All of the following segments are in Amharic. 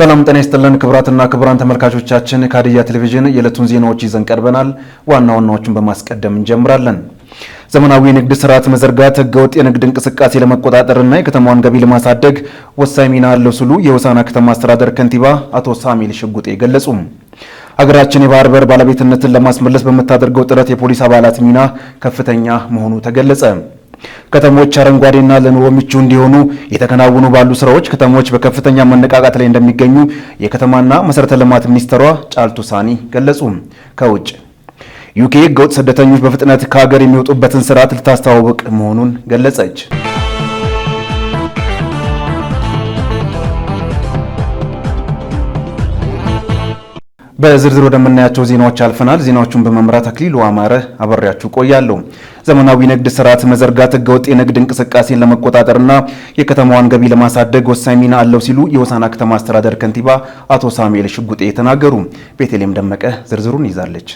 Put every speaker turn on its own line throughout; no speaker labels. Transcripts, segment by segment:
ሰላም ጤና ይስጥልን ክቡራትና ክቡራን ተመልካቾቻችን፣ ከሀዲያ ቴሌቪዥን የዕለቱን ዜናዎች ይዘን ቀርበናል። ዋና ዋናዎቹን በማስቀደም እንጀምራለን። ዘመናዊ የንግድ ስርዓት መዘርጋት ህገወጥ የንግድ እንቅስቃሴ ለመቆጣጠርና የከተማዋን ገቢ ለማሳደግ ወሳኝ ሚና አለው ሲሉ የሆሳዕና ከተማ አስተዳደር ከንቲባ አቶ ሳሚል ሽጉጤ ገለጹ። ሀገራችን የባህር በር ባለቤትነትን ለማስመለስ በምታደርገው ጥረት የፖሊስ አባላት ሚና ከፍተኛ መሆኑ ተገለጸ። ከተሞች አረንጓዴና ለኑሮ ምቹ እንዲሆኑ የተከናወኑ ባሉ ስራዎች ከተሞች በከፍተኛ መነቃቃት ላይ እንደሚገኙ የከተማና መሰረተ ልማት ሚኒስትሯ ጫልቱ ሳኒ ገለጹ። ከውጭ ዩኬ ህገወጥ ስደተኞች በፍጥነት ከሀገር የሚወጡበትን ስርዓት ልታስተዋውቅ መሆኑን ገለጸች። በዝርዝር ወደምናያቸው ዜናዎች አልፈናል። ዜናዎቹን በመምራት አክሊሉ አማረ አበሬያችሁ ቆያለሁ። ዘመናዊ ንግድ ስርዓት መዘርጋት ህገወጥ የንግድ እንቅስቃሴን ለመቆጣጠርና የከተማዋን ገቢ ለማሳደግ ወሳኝ ሚና አለው ሲሉ የሆሳና ከተማ አስተዳደር ከንቲባ አቶ ሳሙኤል ሽጉጤ ተናገሩ። ቤተልሔም ደመቀ ዝርዝሩን ይዛለች።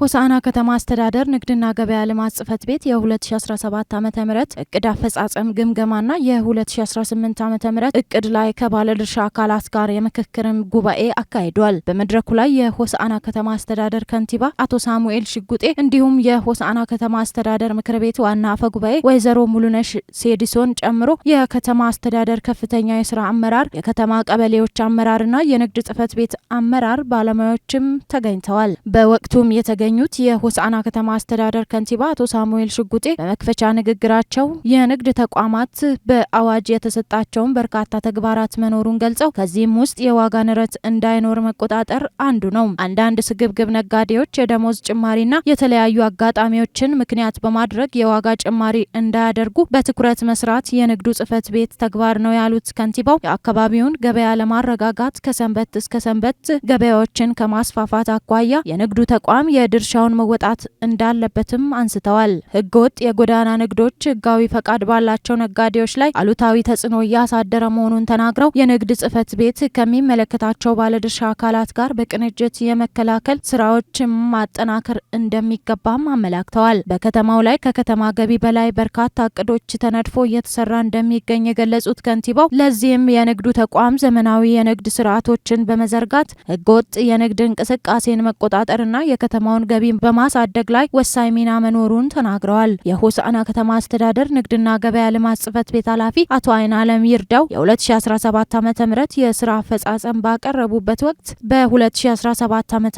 ሆሳና ከተማ አስተዳደር ንግድና ገበያ ልማት ጽህፈት ቤት የ2017 ዓ ም እቅድ አፈጻጸም ግምገማና የ2018 ዓ ም እቅድ ላይ ከባለድርሻ አካላት ጋር የምክክርም ጉባኤ አካሂዷል። በመድረኩ ላይ የሆሳአና ከተማ አስተዳደር ከንቲባ አቶ ሳሙኤል ሽጉጤ እንዲሁም የሆሳአና ከተማ አስተዳደር ምክር ቤት ዋና አፈ ጉባኤ ወይዘሮ ሙሉነሽ ሴዲሶን ጨምሮ የከተማ አስተዳደር ከፍተኛ የስራ አመራር፣ የከተማ ቀበሌዎች አመራርና የንግድ ጽህፈት ቤት አመራር ባለሙያዎችም ተገኝተዋል። በወቅቱም የተገ የተገኙት የሆሳዕና ከተማ አስተዳደር ከንቲባ አቶ ሳሙኤል ሽጉጤ በመክፈቻ ንግግራቸው የንግድ ተቋማት በአዋጅ የተሰጣቸውን በርካታ ተግባራት መኖሩን ገልጸው ከዚህም ውስጥ የዋጋ ንረት እንዳይኖር መቆጣጠር አንዱ ነው። አንዳንድ ስግብግብ ነጋዴዎች የደሞዝ ጭማሪና የተለያዩ አጋጣሚዎችን ምክንያት በማድረግ የዋጋ ጭማሪ እንዳያደርጉ በትኩረት መስራት የንግዱ ጽህፈት ቤት ተግባር ነው ያሉት ከንቲባው የአካባቢውን ገበያ ለማረጋጋት ከሰንበት እስከ ሰንበት ገበያዎችን ከማስፋፋት አኳያ የንግዱ ተቋም የ የድርሻውን መወጣት እንዳለበትም አንስተዋል። ህገወጥ የጎዳና ንግዶች ህጋዊ ፈቃድ ባላቸው ነጋዴዎች ላይ አሉታዊ ተጽዕኖ እያሳደረ መሆኑን ተናግረው የንግድ ጽሕፈት ቤት ከሚመለከታቸው ባለድርሻ አካላት ጋር በቅንጅት የመከላከል ስራዎች ማጠናከር እንደሚገባም አመላክተዋል። በከተማው ላይ ከከተማ ገቢ በላይ በርካታ እቅዶች ተነድፎ እየተሰራ እንደሚገኝ የገለጹት ከንቲባው ለዚህም የንግዱ ተቋም ዘመናዊ የንግድ ስርዓቶችን በመዘርጋት ህገወጥ የንግድ እንቅስቃሴን መቆጣጠርና የከተማውን የሆነውን ገቢ በማሳደግ ላይ ወሳኝ ሚና መኖሩን ተናግረዋል። የሆሳዕና ከተማ አስተዳደር ንግድና ገበያ ልማት ጽህፈት ቤት ኃላፊ አቶ አይን አለም ይርዳው የ2017 ዓ ም የስራ አፈጻጸም ባቀረቡበት ወቅት በ2017 ዓ ም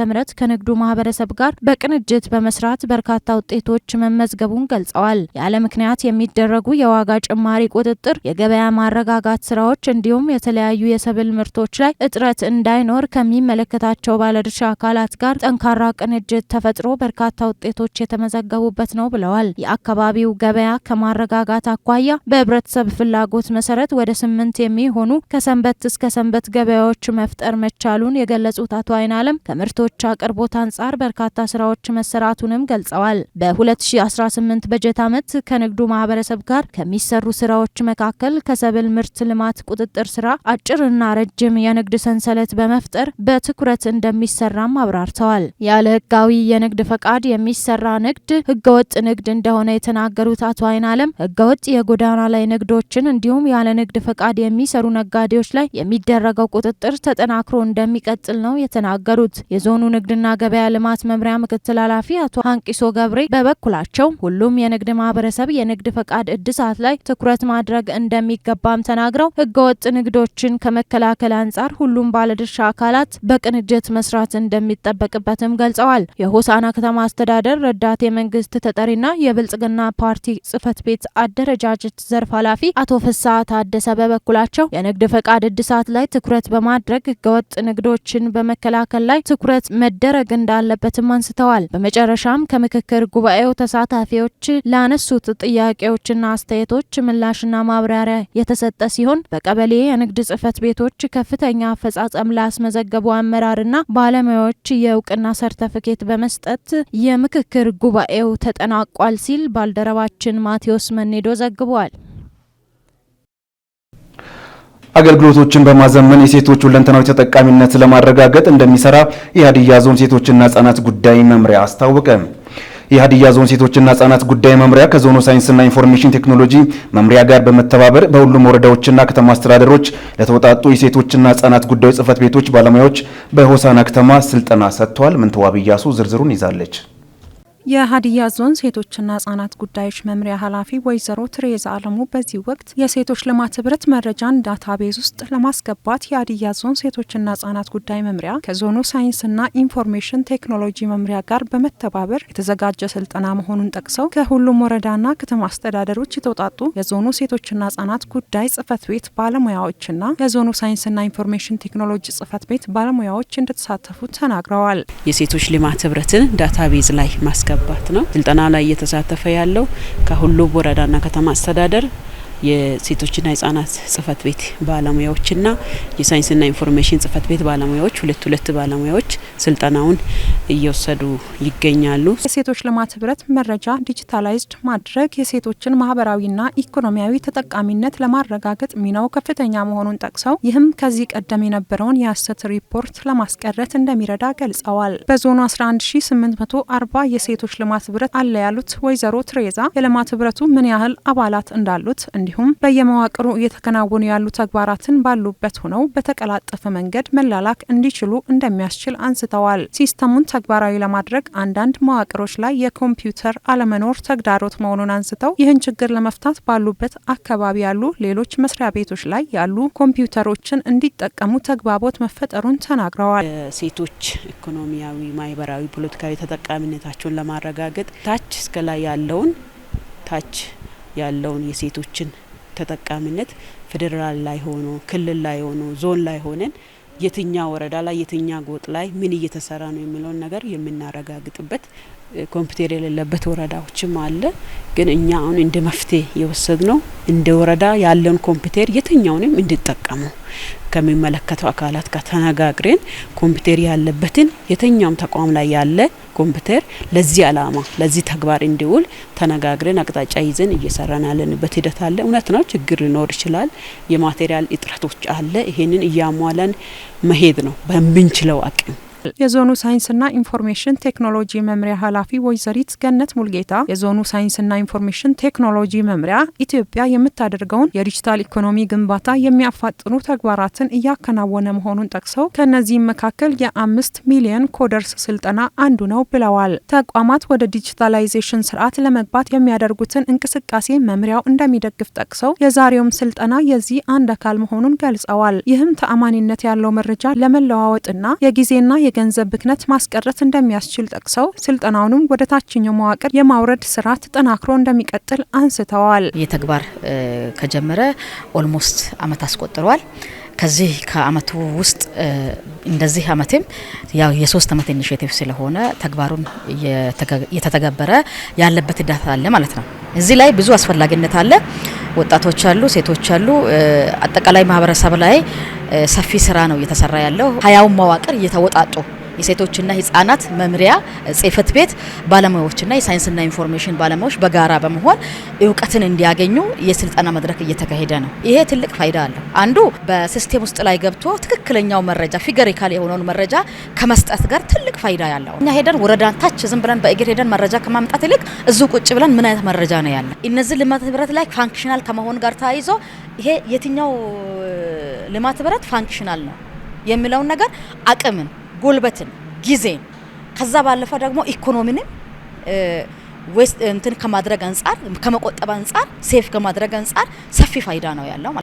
ከንግዱ ማህበረሰብ ጋር በቅንጅት በመስራት በርካታ ውጤቶች መመዝገቡን ገልጸዋል። ያለ ምክንያት የሚደረጉ የዋጋ ጭማሪ ቁጥጥር፣ የገበያ ማረጋጋት ስራዎች እንዲሁም የተለያዩ የሰብል ምርቶች ላይ እጥረት እንዳይኖር ከሚመለከታቸው ባለድርሻ አካላት ጋር ጠንካራ ቅንጅት ተፈጥሮ በርካታ ውጤቶች የተመዘገቡበት ነው ብለዋል። የአካባቢው ገበያ ከማረጋጋት አኳያ በህብረተሰብ ፍላጎት መሰረት ወደ ስምንት የሚሆኑ ከሰንበት እስከ ሰንበት ገበያዎች መፍጠር መቻሉን የገለጹት አቶ አይን አለም ከምርቶች አቅርቦት አንጻር በርካታ ስራዎች መሰራቱንም ገልጸዋል። በ2018 በጀት ዓመት ከንግዱ ማህበረሰብ ጋር ከሚሰሩ ስራዎች መካከል ከሰብል ምርት ልማት ቁጥጥር ስራ አጭርና ረጅም የንግድ ሰንሰለት በመፍጠር በትኩረት እንደሚሰራም አብራርተዋል። ያለ ህጋዊ የንግድ ፈቃድ የሚሰራ ንግድ ህገወጥ ንግድ እንደሆነ የተናገሩት አቶ አይን አለም ህገወጥ የጎዳና ላይ ንግዶችን እንዲሁም ያለ ንግድ ፈቃድ የሚሰሩ ነጋዴዎች ላይ የሚደረገው ቁጥጥር ተጠናክሮ እንደሚቀጥል ነው የተናገሩት። የዞኑ ንግድና ገበያ ልማት መምሪያ ምክትል ኃላፊ አቶ አንቂሶ ገብሬ በበኩላቸው ሁሉም የንግድ ማህበረሰብ የንግድ ፈቃድ እድሳት ላይ ትኩረት ማድረግ እንደሚገባም ተናግረው ህገወጥ ንግዶችን ከመከላከል አንጻር ሁሉም ባለድርሻ አካላት በቅንጅት መስራት እንደሚጠበቅበትም ገልጸዋል። የሆሳና ከተማ አስተዳደር ረዳት የመንግስት ተጠሪና የብልጽግና ፓርቲ ጽህፈት ቤት አደረጃጀት ዘርፍ ኃላፊ አቶ ፍሳ ታደሰ በበኩላቸው የንግድ ፈቃድ እድሳት ላይ ትኩረት በማድረግ ህገወጥ ንግዶችን በመከላከል ላይ ትኩረት መደረግ እንዳለበትም አንስተዋል። በመጨረሻም ከምክክር ጉባኤው ተሳታፊዎች ላነሱት ጥያቄዎችና አስተያየቶች ምላሽና ማብራሪያ የተሰጠ ሲሆን በቀበሌ የንግድ ጽህፈት ቤቶች ከፍተኛ አፈጻጸም ላስመዘገቡ አመራርና ባለሙያዎች የእውቅና ሰርተፍኬት በመ ለመስጠት የምክክር ጉባኤው ተጠናቋል ሲል ባልደረባችን ማቴዎስ መኔዶ ዘግቧል።
አገልግሎቶችን በማዘመን የሴቶች ሁለንተናዊ ተጠቃሚነት ለማረጋገጥ እንደሚሰራ የሀዲያ ዞን ሴቶችና ህጻናት ጉዳይ መምሪያ አስታወቀ። የሀዲያ ዞን ሴቶችና ህጻናት ጉዳይ መምሪያ ከዞኑ ሳይንስና ኢንፎርሜሽን ቴክኖሎጂ መምሪያ ጋር በመተባበር በሁሉም ወረዳዎችና ከተማ አስተዳደሮች ለተወጣጡ የሴቶችና ህጻናት ጉዳዮች ጽህፈት ቤቶች ባለሙያዎች በሆሳና ከተማ ስልጠና ሰጥተዋል። ምንተዋብ እያሱ ዝርዝሩን ይዛለች።
የሀዲያ ዞን ሴቶችና ህጻናት ጉዳዮች መምሪያ ኃላፊ ወይዘሮ ትሬዛ አለሙ በዚህ ወቅት የሴቶች ልማት ህብረት መረጃን ዳታቤዝ ውስጥ ለማስገባት የሀዲያ ዞን ሴቶችና ህጻናት ጉዳይ መምሪያ ከዞኑ ሳይንስና ኢንፎርሜሽን ቴክኖሎጂ መምሪያ ጋር በመተባበር የተዘጋጀ ስልጠና መሆኑን ጠቅሰው ከሁሉም ወረዳና ከተማ አስተዳደሮች የተውጣጡ የዞኑ ሴቶችና ህጻናት ጉዳይ ጽህፈት ቤት ባለሙያዎችና የዞኑ ሳይንስና ኢንፎርሜሽን ቴክኖሎጂ ጽህፈት ቤት ባለሙያዎች እንደተሳተፉ ተናግረዋል።
የሴቶች ልማት ህብረትን ዳታቤዝ ላይ ማስገባት ያለባት ነው። ስልጠና ላይ እየተሳተፈ ያለው ከሁሉም ወረዳና ከተማ አስተዳደር የሴቶችና ህጻናት ጽህፈት ቤት ባለሙያዎችና የሳይንስና ኢንፎርሜሽን ጽህፈት ቤት ባለሙያዎች ሁለት ሁለት ባለሙያዎች ስልጠናውን እየወሰዱ ይገኛሉ።
የሴቶች ልማት ህብረት መረጃ ዲጂታላይዝድ ማድረግ የሴቶችን ማህበራዊና ኢኮኖሚያዊ ተጠቃሚነት ለማረጋገጥ ሚናው ከፍተኛ መሆኑን ጠቅሰው ይህም ከዚህ ቀደም የነበረውን የሀሰት ሪፖርት ለማስቀረት እንደሚረዳ ገልጸዋል። በዞኑ 11840 የሴቶች ልማት ህብረት አለ ያሉት ወይዘሮ ትሬዛ የልማት ህብረቱ ምን ያህል አባላት እንዳሉት እንዲሁም በየመዋቅሩ እየተከናወኑ ያሉ ተግባራትን ባሉበት ሆነው በተቀላጠፈ መንገድ መላላክ እንዲችሉ እንደሚያስችል አንስተዋል። ሲስተሙን ተግባራዊ ለማድረግ አንዳንድ መዋቅሮች ላይ የኮምፒውተር አለመኖር ተግዳሮት መሆኑን አንስተው ይህን ችግር ለመፍታት ባሉበት አካባቢ ያሉ ሌሎች መስሪያ ቤቶች ላይ ያሉ ኮምፒውተሮችን እንዲጠቀሙ ተግባቦት መፈጠሩን ተናግረዋል።
ሴቶች ኢኮኖሚያዊ፣ ማህበራዊ፣ ፖለቲካዊ ተጠቃሚነታቸውን ለማረጋገጥ ታች እስከ ላይ ያለውን ታች ያለውን የሴቶችን ተጠቃሚነት ፌዴራል ላይ ሆኖ ክልል ላይ ሆኖ ዞን ላይ ሆነን የትኛ ወረዳ ላይ የትኛ ጎጥ ላይ ምን እየተሰራ ነው የሚለውን ነገር የምናረጋግጥበት ኮምፒውተር የሌለበት ወረዳዎችም አለ። ግን እኛ አሁን እንደ መፍትሄ የወሰድ ነው እንደ ወረዳ ያለውን ኮምፒውተር የትኛውንም እንድጠቀመው? ከሚመለከተው አካላት ጋር ተነጋግረን ኮምፒውተር ያለበትን የትኛውም ተቋም ላይ ያለ ኮምፒውተር ለዚህ አላማ ለዚህ ተግባር እንዲውል ተነጋግረን አቅጣጫ ይዘን እየሰራን ያለንበት ሂደት አለ። እውነት ነው፣ ችግር ሊኖር ይችላል፣ የማቴሪያል እጥረቶች አለ። ይሄንን እያሟላን መሄድ ነው በምንችለው አቅም
የዞኑ ሳይንስና ኢንፎርሜሽን ቴክኖሎጂ መምሪያ ኃላፊ ወይዘሪት ገነት ሙልጌታ የዞኑ ሳይንስና ኢንፎርሜሽን ቴክኖሎጂ መምሪያ ኢትዮጵያ የምታደርገውን የዲጂታል ኢኮኖሚ ግንባታ የሚያፋጥኑ ተግባራትን እያከናወነ መሆኑን ጠቅሰው ከእነዚህም መካከል የአምስት ሚሊየን ኮደርስ ስልጠና አንዱ ነው ብለዋል። ተቋማት ወደ ዲጂታላይዜሽን ስርዓት ለመግባት የሚያደርጉትን እንቅስቃሴ መምሪያው እንደሚደግፍ ጠቅሰው የዛሬውም ስልጠና የዚህ አንድ አካል መሆኑን ገልጸዋል። ይህም ተአማኒነት ያለው መረጃ ለመለዋወጥና የጊዜና የ የገንዘብ ብክነት ማስቀረት እንደሚያስችል ጠቅሰው ስልጠናውንም ወደ ታችኛው መዋቅር የማውረድ ስራ ተጠናክሮ እንደሚቀጥል አንስተዋል።
ይህ ተግባር ከጀመረ ኦልሞስት አመት አስቆጥሯል። ከዚህ ከአመቱ ውስጥ እንደዚህ አመትም ያው የሶስት አመት ኢኒሽቲቭ ስለሆነ ተግባሩን እየተተገበረ ያለበት ዳታ አለ ማለት ነው። እዚህ ላይ ብዙ አስፈላጊነት አለ። ወጣቶች አሉ፣ ሴቶች አሉ። አጠቃላይ ማህበረሰብ ላይ ሰፊ ስራ ነው እየተሰራ ያለው። ሀያውን መዋቅር እየተወጣጡ የሴቶችና ህጻናት መምሪያ ጽህፈት ቤት ባለሙያዎችና የሳይንስና ኢንፎርሜሽን ባለሙያዎች በጋራ በመሆን እውቀትን እንዲያገኙ የስልጠና መድረክ እየተካሄደ ነው። ይሄ ትልቅ ፋይዳ አለው። አንዱ በሲስቴም ውስጥ ላይ ገብቶ ትክክለኛው መረጃ ፊገሪካል የሆነውን መረጃ ከመስጠት ጋር ትልቅ ፋይዳ ያለው እኛ ሄደን ወረዳን ታች ዝም ብለን በእግር ሄደን መረጃ ከማምጣት ይልቅ እዙ ቁጭ ብለን ምን አይነት መረጃ ነው ያለ እነዚህ ልማት ህብረት ላይ ፋንክሽናል ከመሆን ጋር ተያይዞ ይሄ የትኛው ልማት ህብረት ፋንክሽናል ነው የሚለውን ነገር አቅምን ጉልበትን፣ ጊዜን ከዛ ባለፈ ደግሞ ኢኮኖሚንም ዌስት እንትን ከማድረግ አንጻር ከመቆጠብ አንጻር ሴፍ ከማድረግ አንጻር ሰፊ ፋይዳ ነው ያለው።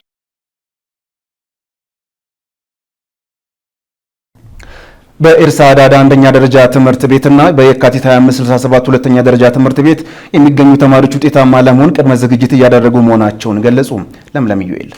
በኤርሳ አዳዳ አንደኛ ደረጃ ትምህርት ቤትና በየካቲት 2567 ሁለተኛ ደረጃ ትምህርት ቤት የሚገኙ ተማሪዎች ውጤታማ ለመሆን ቅድመ ዝግጅት እያደረጉ መሆናቸውን ገለጹ። ለምለም ዩኤል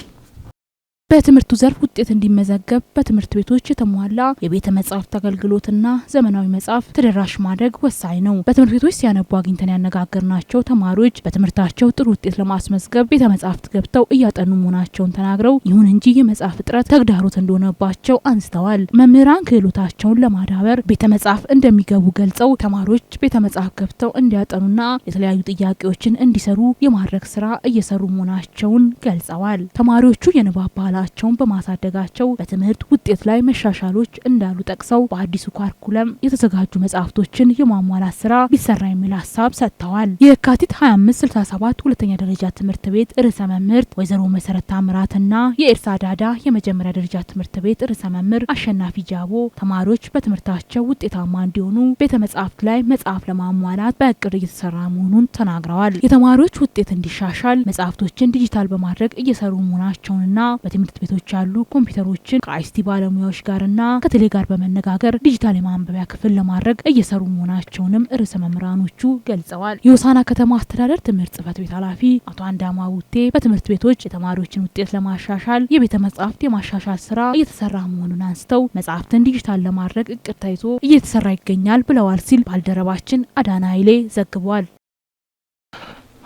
በትምህርቱ ዘርፍ ውጤት እንዲመዘገብ በትምህርት ቤቶች የተሟላ የቤተ መጻሕፍት አገልግሎትና ዘመናዊ መጽሐፍ ተደራሽ ማድረግ ወሳኝ ነው። በትምህርት ቤቶች ሲያነቡ አግኝተን ያነጋገርናቸው ተማሪዎች በትምህርታቸው ጥሩ ውጤት ለማስመዝገብ ቤተ መጻሕፍት ገብተው እያጠኑ መሆናቸውን ተናግረው፣ ይሁን እንጂ የመጽሐፍ እጥረት ተግዳሮት እንደሆነባቸው አንስተዋል። መምህራን ክህሎታቸውን ለማዳበር ቤተ መጻሕፍት እንደሚገቡ ገልጸው ተማሪዎች ቤተ መጻሕፍት ገብተው እንዲያጠኑና የተለያዩ ጥያቄዎችን እንዲሰሩ የማድረግ ስራ እየሰሩ መሆናቸውን ገልጸዋል። ተማሪዎቹ የንባብ ባህላ ችሎታቸውን በማሳደጋቸው በትምህርት ውጤት ላይ መሻሻሎች እንዳሉ ጠቅሰው በአዲሱ ኳርኩለም የተዘጋጁ መጽሐፍቶችን የማሟላት ስራ ቢሰራ የሚል ሀሳብ ሰጥተዋል። የካቲት 2567 ሁለተኛ ደረጃ ትምህርት ቤት ርዕሰ መምህርት ወይዘሮ መሰረት ታምራትና የኤርሳ ዳዳ የመጀመሪያ ደረጃ ትምህርት ቤት ርዕሰ መምህር አሸናፊ ጃቦ ተማሪዎች በትምህርታቸው ውጤታማ እንዲሆኑ ቤተ መጽሐፍት ላይ መጽሐፍ ለማሟላት በእቅድ እየተሰራ መሆኑን ተናግረዋል። የተማሪዎች ውጤት እንዲሻሻል መጽሐፍቶችን ዲጂታል በማድረግ እየሰሩ መሆናቸውንና በትምህርት ትምህርት ቤቶች ያሉ ኮምፒውተሮችን ከአይሲቲ ባለሙያዎች ጋርና ከቴሌ ጋር በመነጋገር ዲጂታል የማንበቢያ ክፍል ለማድረግ እየሰሩ መሆናቸውንም ርዕሰ መምህራኖቹ ገልጸዋል። የሆሳና ከተማ አስተዳደር ትምህርት ጽህፈት ቤት ኃላፊ አቶ አንዳማ ውቴ በትምህርት ቤቶች የተማሪዎችን ውጤት ለማሻሻል የቤተ መጻሕፍት የማሻሻል ስራ እየተሰራ መሆኑን አንስተው መጽሐፍትን ዲጂታል ለማድረግ እቅድ ተይዞ እየተሰራ ይገኛል ብለዋል ሲል ባልደረባችን አዳና ኃይሌ ዘግቧል።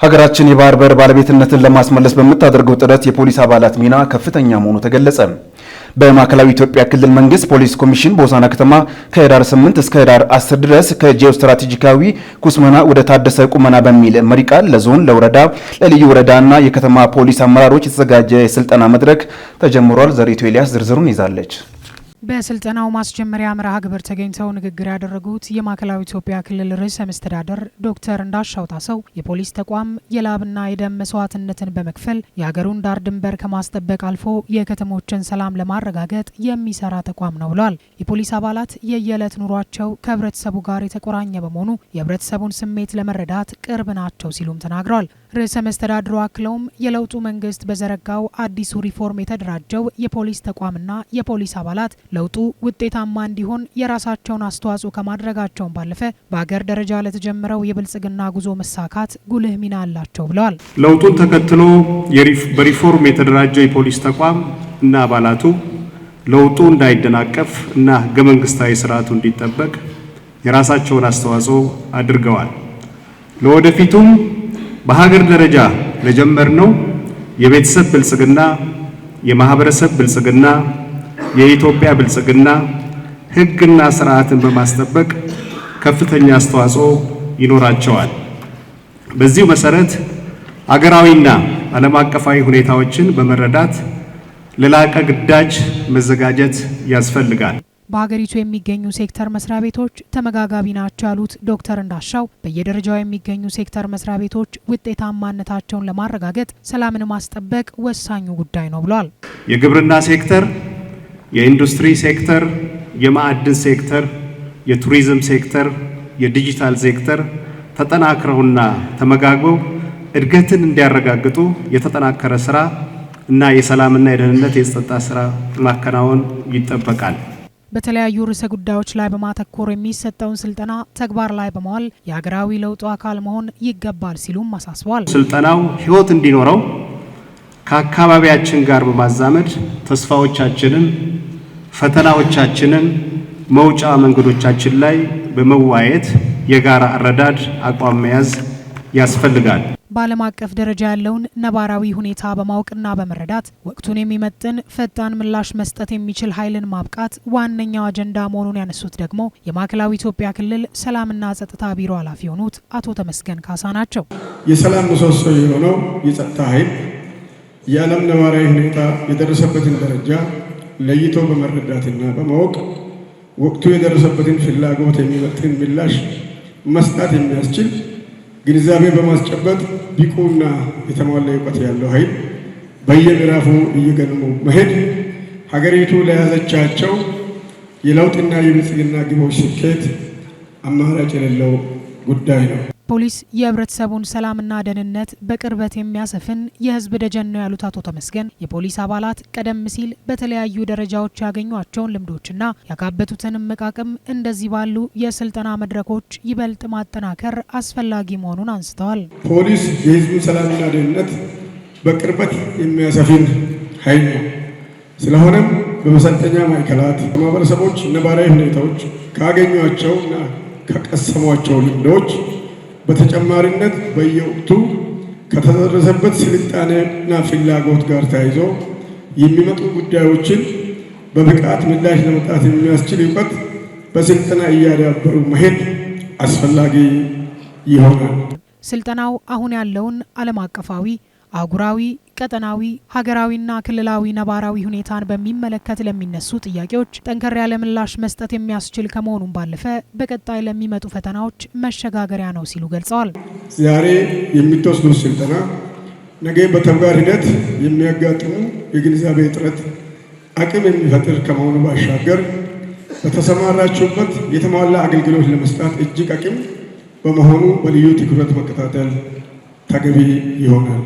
ሀገራችን የባህር በር ባለቤትነትን ለማስመለስ በምታደርገው ጥረት የፖሊስ አባላት ሚና ከፍተኛ መሆኑ ተገለጸ። በማዕከላዊ ኢትዮጵያ ክልል መንግስት ፖሊስ ኮሚሽን በሆሳና ከተማ ከህዳር 8 እስከ ህዳር 10 ድረስ ከጂኦ ስትራቴጂካዊ ኩስመና ወደ ታደሰ ቁመና በሚል መሪ ቃል ለዞን፣ ለወረዳ፣ ለልዩ ወረዳና የከተማ ፖሊስ አመራሮች የተዘጋጀ የስልጠና መድረክ ተጀምሯል። ዘሪቱ ኤልያስ ዝርዝሩን ይዛለች።
በስልጠናው ማስጀመሪያ መርሃ ግብር ተገኝተው ንግግር ያደረጉት የማዕከላዊ ኢትዮጵያ ክልል ርዕሰ መስተዳደር ዶክተር እንዳሻው ታሰው የፖሊስ ተቋም የላብና የደም መስዋዕትነትን በመክፈል የሀገሩን ዳር ድንበር ከማስጠበቅ አልፎ የከተሞችን ሰላም ለማረጋገጥ የሚሰራ ተቋም ነው ብሏል። የፖሊስ አባላት የየዕለት ኑሯቸው ከህብረተሰቡ ጋር የተቆራኘ በመሆኑ የህብረተሰቡን ስሜት ለመረዳት ቅርብ ናቸው ሲሉም ተናግረዋል። ርዕሰ መስተዳድሩ አክለውም የለውጡ መንግስት በዘረጋው አዲሱ ሪፎርም የተደራጀው የፖሊስ ተቋምና የፖሊስ አባላት ለውጡ ውጤታማ እንዲሆን የራሳቸውን አስተዋጽኦ ከማድረጋቸውን ባለፈ በአገር ደረጃ ለተጀመረው የብልጽግና ጉዞ መሳካት ጉልህ ሚና አላቸው ብለዋል።
ለውጡን ተከትሎ በሪፎርም የተደራጀው የፖሊስ ተቋም እና አባላቱ ለውጡ እንዳይደናቀፍ እና ህገ መንግስታዊ ስርዓቱ እንዲጠበቅ የራሳቸውን አስተዋጽኦ አድርገዋል። ለወደፊቱም በሀገር ደረጃ ለጀመርነው የቤተሰብ ብልጽግና፣ የማህበረሰብ ብልጽግና፣ የኢትዮጵያ ብልጽግና ህግና ስርዓትን በማስጠበቅ ከፍተኛ አስተዋጽኦ ይኖራቸዋል። በዚሁ መሰረት አገራዊና ዓለም አቀፋዊ ሁኔታዎችን በመረዳት ለላቀ ግዳጅ መዘጋጀት ያስፈልጋል።
በሀገሪቱ የሚገኙ ሴክተር መስሪያ ቤቶች ተመጋጋቢ ናቸው ያሉት ዶክተር እንዳሻው በየደረጃው የሚገኙ ሴክተር መስሪያ ቤቶች ውጤታማነታቸውን ለማረጋገጥ ሰላምን ማስጠበቅ ወሳኙ ጉዳይ ነው ብሏል።
የግብርና ሴክተር፣ የኢንዱስትሪ ሴክተር፣ የማዕድን ሴክተር፣ የቱሪዝም ሴክተር፣ የዲጂታል ሴክተር ተጠናክረውና ተመጋግበው እድገትን እንዲያረጋግጡ የተጠናከረ ስራ እና የሰላምና የደህንነት የጸጥታ ስራ ማከናወን ይጠበቃል።
በተለያዩ ርዕሰ ጉዳዮች ላይ በማተኮር የሚሰጠውን ስልጠና ተግባር ላይ በመዋል የሀገራዊ ለውጡ አካል መሆን ይገባል ሲሉም አሳስቧል።
ስልጠናው ህይወት እንዲኖረው ከአካባቢያችን ጋር በማዛመድ ተስፋዎቻችንን፣ ፈተናዎቻችንን፣ መውጫ መንገዶቻችን ላይ በመዋየት የጋራ አረዳድ አቋም መያዝ ያስፈልጋል።
በዓለም አቀፍ ደረጃ ያለውን ነባራዊ ሁኔታ በማወቅና በመረዳት ወቅቱን የሚመጥን ፈጣን ምላሽ መስጠት የሚችል ኃይልን ማብቃት ዋነኛው አጀንዳ መሆኑን ያነሱት ደግሞ የማዕከላዊ ኢትዮጵያ ክልል ሰላምና ጸጥታ ቢሮ ኃላፊ የሆኑት አቶ ተመስገን ካሳ ናቸው።
የሰላም ምሰሶ የሆነው የጸጥታ ኃይል የዓለም ነባራዊ ሁኔታ የደረሰበትን ደረጃ ለይቶ በመረዳትና በማወቅ ወቅቱ የደረሰበትን ፍላጎት የሚመጥን ምላሽ መስጠት የሚያስችል ግንዛቤ በማስጨበጥ ቢቁና የተሟላ እውቀት ያለው ኃይል በየምዕራፉ እየገነሙ መሄድ ሀገሪቱ ለያዘቻቸው የለውጥና የብልጽግና ግቦች ስኬት አማራጭ የሌለው ጉዳይ ነው።
ፖሊስ የህብረተሰቡን ሰላምና ደህንነት በቅርበት የሚያሰፍን የህዝብ ደጀን ነው ያሉት አቶ ተመስገን የፖሊስ አባላት ቀደም ሲል በተለያዩ ደረጃዎች ያገኟቸውን ልምዶችና ያካበቱትን መቃቅም እንደዚህ ባሉ የስልጠና መድረኮች ይበልጥ ማጠናከር አስፈላጊ መሆኑን አንስተዋል።
ፖሊስ የህዝቡን ሰላምና ደህንነት በቅርበት የሚያሰፍን ኃይል ነው። ስለሆነም በመሰልጠኛ ማዕከላት ማህበረሰቦች ነባራዊ ሁኔታዎች ካገኟቸውና ከቀሰሟቸው ልምዶች በተጨማሪነት በየወቅቱ ከተደረሰበት ስልጣኔና ፍላጎት ጋር ተያይዞ የሚመጡ ጉዳዮችን በብቃት ምላሽ ለመጣት የሚያስችል እውቀት በስልጠና እያዳበሩ መሄድ አስፈላጊ ይሆናል።
ስልጠናው አሁን ያለውን ዓለም አቀፋዊ አጉራዊ፣ ቀጠናዊ፣ ሀገራዊና ክልላዊ ነባራዊ ሁኔታን በሚመለከት ለሚነሱ ጥያቄዎች ጠንከር ያለ ምላሽ መስጠት የሚያስችል ከመሆኑም ባለፈ በቀጣይ ለሚመጡ ፈተናዎች መሸጋገሪያ ነው ሲሉ ገልጸዋል።
ዛሬ የምትወስዱት ስልጠና ነገ በተግባር ሂደት የሚያጋጥሙ የግንዛቤ እጥረት አቅም የሚፈጥር ከመሆኑ ባሻገር በተሰማራችሁበት የተሟላ አገልግሎት ለመስጣት እጅግ አቅም በመሆኑ በልዩ ትኩረት መከታተል ተገቢ ይሆናል።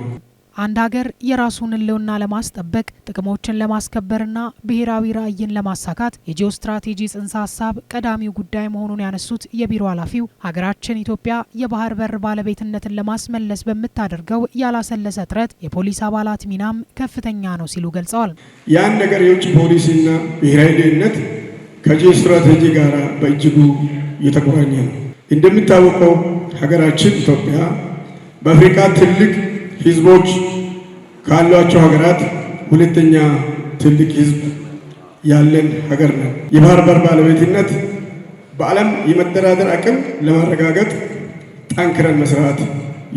አንድ ሀገር የራሱን ህልውና ለማስጠበቅ ጥቅሞችን ለማስከበርና ብሔራዊ ራዕይን ለማሳካት የጂኦ ስትራቴጂ ጽንሰ ሀሳብ ቀዳሚው ጉዳይ መሆኑን ያነሱት የቢሮ ኃላፊው ሀገራችን ኢትዮጵያ የባህር በር ባለቤትነትን ለማስመለስ በምታደርገው ያላሰለሰ ጥረት የፖሊስ አባላት ሚናም ከፍተኛ ነው ሲሉ ገልጸዋል።
ያን ነገር የውጭ ፖሊሲና ብሔራዊ ደህንነት ከጂኦ ስትራቴጂ ጋር በእጅጉ እየተቆራኘ ነው። እንደሚታወቀው ሀገራችን ኢትዮጵያ በአፍሪካ ትልቅ ህዝቦች ካሏቸው ሀገራት ሁለተኛ ትልቅ ህዝብ ያለን ሀገር ነው። የባህር በር ባለቤትነት በዓለም የመደራደር አቅም ለማረጋገጥ ጠንክረን መስራት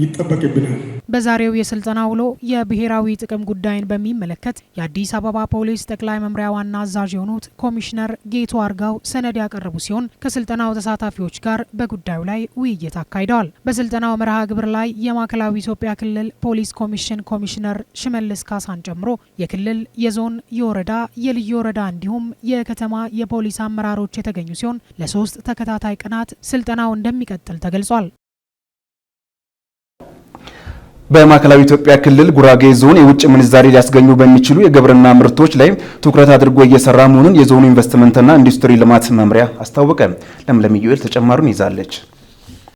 ይጠበቅብናል።
በዛሬው የስልጠና ውሎ የብሔራዊ ጥቅም ጉዳይን በሚመለከት የአዲስ አበባ ፖሊስ ጠቅላይ መምሪያ ዋና አዛዥ የሆኑት ኮሚሽነር ጌቱ አርጋው ሰነድ ያቀረቡ ሲሆን ከስልጠናው ተሳታፊዎች ጋር በጉዳዩ ላይ ውይይት አካሂደዋል። በስልጠናው መርሃ ግብር ላይ የማዕከላዊ ኢትዮጵያ ክልል ፖሊስ ኮሚሽን ኮሚሽነር ሽመልስ ካሳን ጨምሮ የክልል፣ የዞን፣ የወረዳ፣ የልዩ ወረዳ እንዲሁም የከተማ የፖሊስ አመራሮች የተገኙ ሲሆን ለሶስት ተከታታይ ቀናት ስልጠናው እንደሚቀጥል ተገልጿል።
በማዕከላዊ ኢትዮጵያ ክልል ጉራጌ ዞን የውጭ ምንዛሬ ሊያስገኙ በሚችሉ የግብርና ምርቶች ላይ ትኩረት አድርጎ እየሰራ መሆኑን የዞኑ ኢንቨስትመንትና ኢንዱስትሪ ልማት መምሪያ አስታወቀ። ለምለም ዩኤል ተጨማሪውን ይዛለች።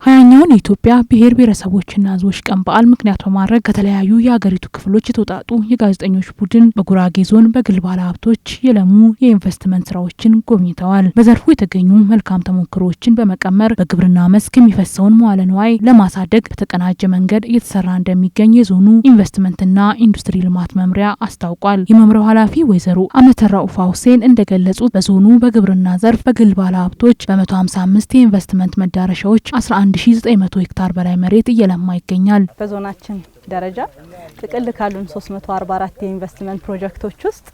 ሀያኛውን የኢትዮጵያ ብሔር ብሔረሰቦችና ህዝቦች ቀን በዓል ምክንያት በማድረግ ከተለያዩ የሀገሪቱ ክፍሎች የተውጣጡ የጋዜጠኞች ቡድን በጉራጌ ዞን በግል ባለ ሀብቶች የለሙ የኢንቨስትመንት ስራዎችን ጎብኝተዋል። በዘርፉ የተገኙ መልካም ተሞክሮዎችን በመቀመር በግብርና መስክ የሚፈሰውን መዋለ ንዋይ ለማሳደግ በተቀናጀ መንገድ እየተሰራ እንደሚገኝ የዞኑ ኢንቨስትመንትና ኢንዱስትሪ ልማት መምሪያ አስታውቋል። የመምሪያው ኃላፊ ወይዘሮ አመተራ ኡፋ ሁሴን እንደገለጹት በዞኑ በግብርና ዘርፍ በግል ባለ ሀብቶች በ155 የኢንቨስትመንት መዳረሻዎች 11 1900 ሄክታር በላይ መሬት እየለማ ይገኛል።
በዞናችን ደረጃ ጥቅል ካሉን 344 የኢንቨስትመንት ፕሮጀክቶች ውስጥ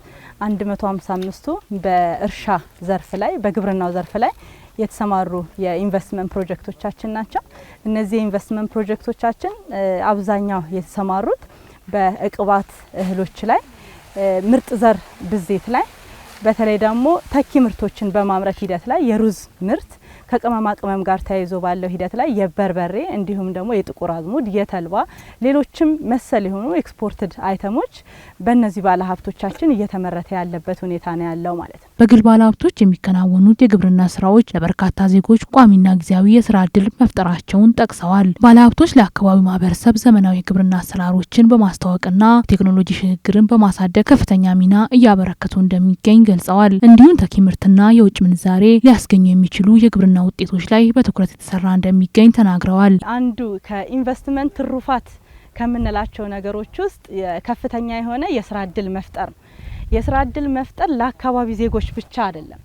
155ቱ በእርሻ ዘርፍ ላይ በግብርናው ዘርፍ ላይ የተሰማሩ የኢንቨስትመንት ፕሮጀክቶቻችን ናቸው። እነዚህ የኢንቨስትመንት ፕሮጀክቶቻችን አብዛኛው የተሰማሩት በእቅባት እህሎች ላይ፣ ምርጥ ዘር ብዜት ላይ፣ በተለይ ደግሞ ተኪ ምርቶችን በማምረት ሂደት ላይ የሩዝ ምርት ከቅመማ ቅመም ጋር ተያይዞ ባለው ሂደት ላይ የበርበሬ እንዲሁም ደግሞ የጥቁር አዝሙድ፣ የተልባ፣ ሌሎችም መሰል የሆኑ ኤክስፖርትድ አይተሞች በእነዚህ ባለ ሀብቶቻችን እየተመረተ ያለበት ሁኔታ ነው ያለው ማለት ነው።
በግል ባለ ሀብቶች የሚከናወኑት የግብርና ስራዎች ለበርካታ ዜጎች ቋሚና ጊዜያዊ የስራ እድል መፍጠራቸውን ጠቅሰዋል። ባለ ሀብቶች ለአካባቢው ማህበረሰብ ዘመናዊ የግብርና አሰራሮችን በማስተዋወቅና ቴክኖሎጂ ሽግግርን በማሳደግ ከፍተኛ ሚና እያበረከቱ እንደሚገኝ ገልጸዋል። እንዲሁም ተኪ ምርትና የውጭ ምንዛሬ ሊያስገኙ የሚችሉ የግብርና ዋና ውጤቶች ላይ በትኩረት የተሰራ እንደሚገኝ ተናግረዋል።
አንዱ ከኢንቨስትመንት ትሩፋት ከምንላቸው ነገሮች ውስጥ ከፍተኛ የሆነ የስራ እድል መፍጠር ነው። የስራ እድል መፍጠር ለአካባቢ ዜጎች ብቻ አይደለም።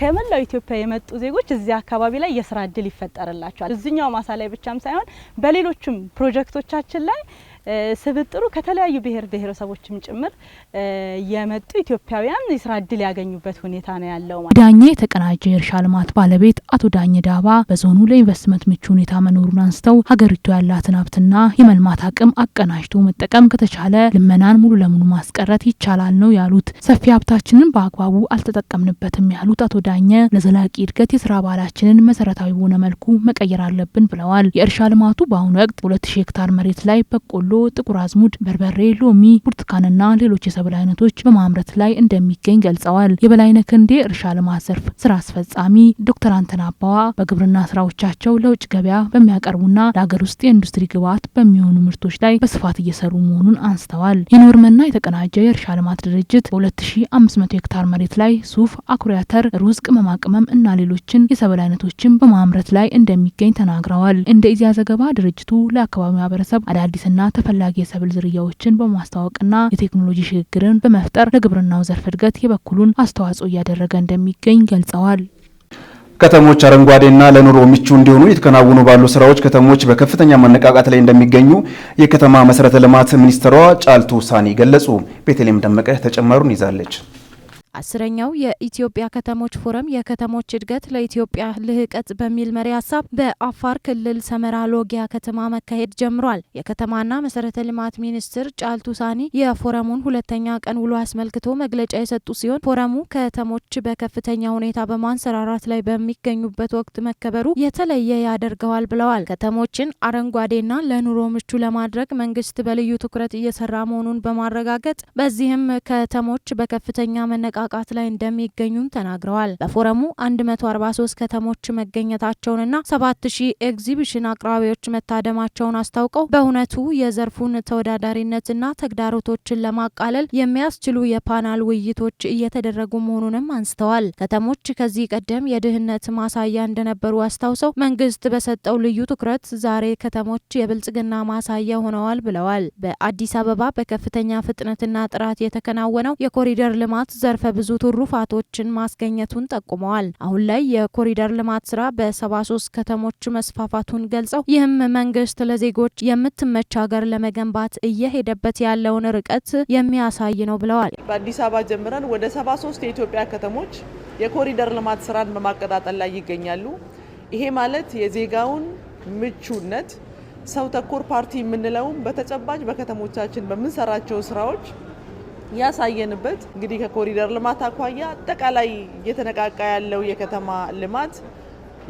ከመላው ኢትዮጵያ የመጡ ዜጎች እዚህ አካባቢ ላይ የስራ እድል ይፈጠርላቸዋል። እዚኛው ማሳ ላይ ብቻም ሳይሆን በሌሎችም ፕሮጀክቶቻችን ላይ ስብጥሩ ከተለያዩ ብሔር ብሔረሰቦችም ጭምር የመጡ ኢትዮጵያውያን የስራ እድል ያገኙበት ሁኔታ ነው ያለው።
ዳኘ የተቀናጀ የእርሻ ልማት ባለቤት አቶ ዳኘ ዳባ በዞኑ ለኢንቨስትመንት ምቹ ሁኔታ መኖሩን አንስተው ሀገሪቱ ያላትን ሀብትና የመልማት አቅም አቀናጅቶ መጠቀም ከተቻለ ልመናን ሙሉ ለሙሉ ማስቀረት ይቻላል ነው ያሉት። ሰፊ ሀብታችንን በአግባቡ አልተጠቀምንበትም ያሉት አቶ ዳኘ ለዘላቂ እድገት የስራ ባህላችንን መሰረታዊ በሆነ መልኩ መቀየር አለብን ብለዋል። የእርሻ ልማቱ በአሁኑ ወቅት ሁለት ሺህ ሄክታር መሬት ላይ በቆሎ ጥቁር አዝሙድ፣ በርበሬ፣ ሎሚ፣ ብርቱካንና ሌሎች የሰብል አይነቶች በማምረት ላይ እንደሚገኝ ገልጸዋል። የበላይነ ክንዴ እርሻ ልማት ዘርፍ ስራ አስፈጻሚ ዶክተር አንተን አባዋ በግብርና ስራዎቻቸው ለውጭ ገበያ በሚያቀርቡና ለሀገር ውስጥ የኢንዱስትሪ ግብዓት በሚሆኑ ምርቶች ላይ በስፋት እየሰሩ መሆኑን አንስተዋል። የኖርመና የተቀናጀ የእርሻ ልማት ድርጅት በ2500 ሄክታር መሬት ላይ ሱፍ፣ አኩሪ አተር፣ ሩዝ፣ ቅመማ ቅመም እና ሌሎችን የሰብል አይነቶችን በማምረት ላይ እንደሚገኝ ተናግረዋል። እንደ ኢዜአ ዘገባ ድርጅቱ ለአካባቢው ማህበረሰብ አዳዲስና ተፈላጊ የሰብል ዝርያዎችን በማስተዋወቅና የቴክኖሎጂ ሽግግርን በመፍጠር ለግብርናው ዘርፍ እድገት የበኩሉን አስተዋጽኦ እያደረገ እንደሚገኝ ገልጸዋል።
ከተሞች አረንጓዴና ለኑሮ ምቹ እንዲሆኑ የተከናወኑ ባሉ ስራዎች ከተሞች በከፍተኛ መነቃቃት ላይ እንደሚገኙ የከተማ መሰረተ ልማት ሚኒስትሯ ጫልቱ ሳኒ ገለጹ። ቤተልሔም ደመቀ ተጨማሩን ይዛለች።
አስረኛው የኢትዮጵያ ከተሞች ፎረም የከተሞች እድገት ለኢትዮጵያ ልህቀት በሚል መሪ ሀሳብ በአፋር ክልል ሰመራ ሎጊያ ከተማ መካሄድ ጀምሯል። የከተማና መሰረተ ልማት ሚኒስትር ጫልቱ ሳኒ የፎረሙን ሁለተኛ ቀን ውሎ አስመልክቶ መግለጫ የሰጡ ሲሆን ፎረሙ ከተሞች በከፍተኛ ሁኔታ በማንሰራራት ላይ በሚገኙበት ወቅት መከበሩ የተለየ ያደርገዋል ብለዋል። ከተሞችን አረንጓዴና ለኑሮ ምቹ ለማድረግ መንግስት በልዩ ትኩረት እየሰራ መሆኑን በማረጋገጥ በዚህም ከተሞች በከፍተኛ መነቃ መነቃቃት ላይ እንደሚገኙም ተናግረዋል። በፎረሙ 143 ከተሞች መገኘታቸውንና 7000 ኤግዚቢሽን አቅራቢዎች መታደማቸውን አስታውቀው በእውነቱ የዘርፉን ተወዳዳሪነትና ተግዳሮቶችን ለማቃለል የሚያስችሉ የፓናል ውይይቶች እየተደረጉ መሆኑንም አንስተዋል። ከተሞች ከዚህ ቀደም የድህነት ማሳያ እንደነበሩ አስታውሰው መንግስት በሰጠው ልዩ ትኩረት ዛሬ ከተሞች የብልጽግና ማሳያ ሆነዋል ብለዋል። በአዲስ አበባ በከፍተኛ ፍጥነትና ጥራት የተከናወነው የኮሪደር ልማት ዘርፈ ብዙ ትሩፋቶችን ማስገኘቱን ጠቁመዋል። አሁን ላይ የኮሪደር ልማት ስራ በ73 ከተሞች መስፋፋቱን ገልጸው ይህም መንግስት ለዜጎች የምትመች ሀገር ለመገንባት እየሄደበት ያለውን ርቀት የሚያሳይ ነው ብለዋል።
በአዲስ አበባ ጀምረን ወደ 73 የኢትዮጵያ ከተሞች የኮሪደር ልማት ስራን በማቀጣጠል ላይ ይገኛሉ። ይሄ ማለት የዜጋውን ምቹነት ሰው ተኮር ፓርቲ የምንለውም በተጨባጭ በከተሞቻችን በምንሰራቸው ስራዎች ያሳየንበት እንግዲህ ከኮሪደር ልማት አኳያ አጠቃላይ እየተነቃቃ ያለው የከተማ ልማት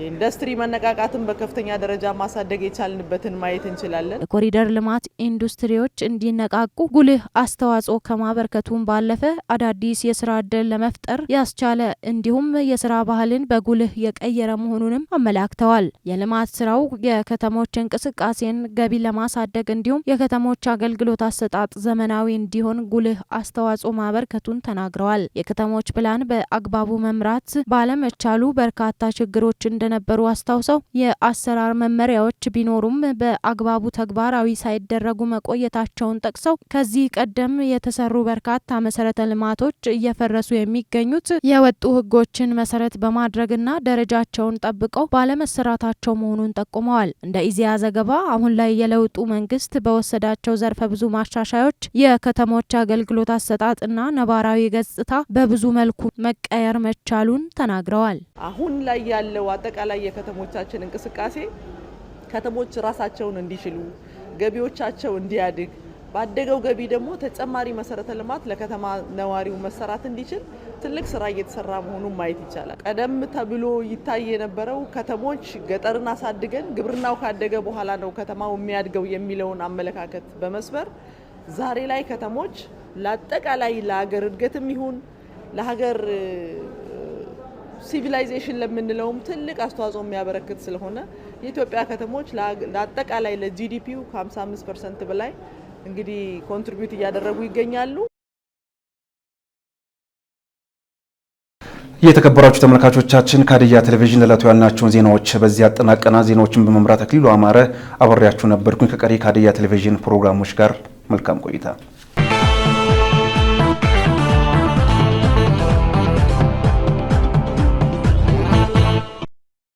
የኢንዱስትሪ መነቃቃትን በከፍተኛ ደረጃ ማሳደግ የቻልንበትን ማየት እንችላለን።
የኮሪደር ልማት ኢንዱስትሪዎች እንዲነቃቁ ጉልህ አስተዋጽኦ ከማበርከቱን ባለፈ አዳዲስ የስራ እድል ለመፍጠር ያስቻለ እንዲሁም የስራ ባህልን በጉልህ የቀየረ መሆኑንም አመላክተዋል። የልማት ስራው የከተሞች እንቅስቃሴን ገቢ ለማሳደግ እንዲሁም የከተሞች አገልግሎት አሰጣጥ ዘመናዊ እንዲሆን ጉልህ አስተዋጽኦ ማበርከቱን ተናግረዋል። የከተሞች ፕላን በአግባቡ መምራት ባለመቻሉ በርካታ ችግሮች እንደ እንደነበሩ አስታውሰው የአሰራር መመሪያዎች ቢኖሩም በአግባቡ ተግባራዊ ሳይደረጉ መቆየታቸውን ጠቅሰው ከዚህ ቀደም የተሰሩ በርካታ መሰረተ ልማቶች እየፈረሱ የሚገኙት የወጡ ህጎችን መሰረት በማድረግና ደረጃቸውን ጠብቀው ባለመሰራታቸው መሆኑን ጠቁመዋል። እንደ ኢዜአ ዘገባ አሁን ላይ የለውጡ መንግስት በወሰዳቸው ዘርፈ ብዙ ማሻሻዮች የከተሞች አገልግሎት አሰጣጥና ነባራዊ ገጽታ በብዙ መልኩ መቀየር መቻሉን ተናግረዋል።
አሁን ላይ ያለው አጠቃላይ የከተሞቻችን እንቅስቃሴ ከተሞች ራሳቸውን እንዲችሉ ገቢዎቻቸው እንዲያድግ ባደገው ገቢ ደግሞ ተጨማሪ መሰረተ ልማት ለከተማ ነዋሪው መሰራት እንዲችል ትልቅ ስራ እየተሰራ መሆኑን ማየት ይቻላል። ቀደም ተብሎ ይታይ የነበረው ከተሞች ገጠርን አሳድገን ግብርናው ካደገ በኋላ ነው ከተማው የሚያድገው የሚለውን አመለካከት በመስበር ዛሬ ላይ ከተሞች ለአጠቃላይ ለሀገር እድገትም ይሁን ለሀገር ሲቪላይዜሽን ለምንለውም ትልቅ አስተዋጽኦ የሚያበረክት ስለሆነ የኢትዮጵያ ከተሞች ለአጠቃላይ ለጂዲፒው ከ55 ፐርሰንት በላይ እንግዲህ ኮንትሪቢዩት እያደረጉ ይገኛሉ።
የተከበራችሁ ተመልካቾቻችን ካድያ ቴሌቪዥን ለዕለቱ ያልናቸውን ዜናዎች በዚህ አጠናቀና ዜናዎችን በመምራት አክሊሉ አማረ አብሬያችሁ ነበርኩኝ። ከቀሪ ካድያ ቴሌቪዥን ፕሮግራሞች ጋር መልካም ቆይታ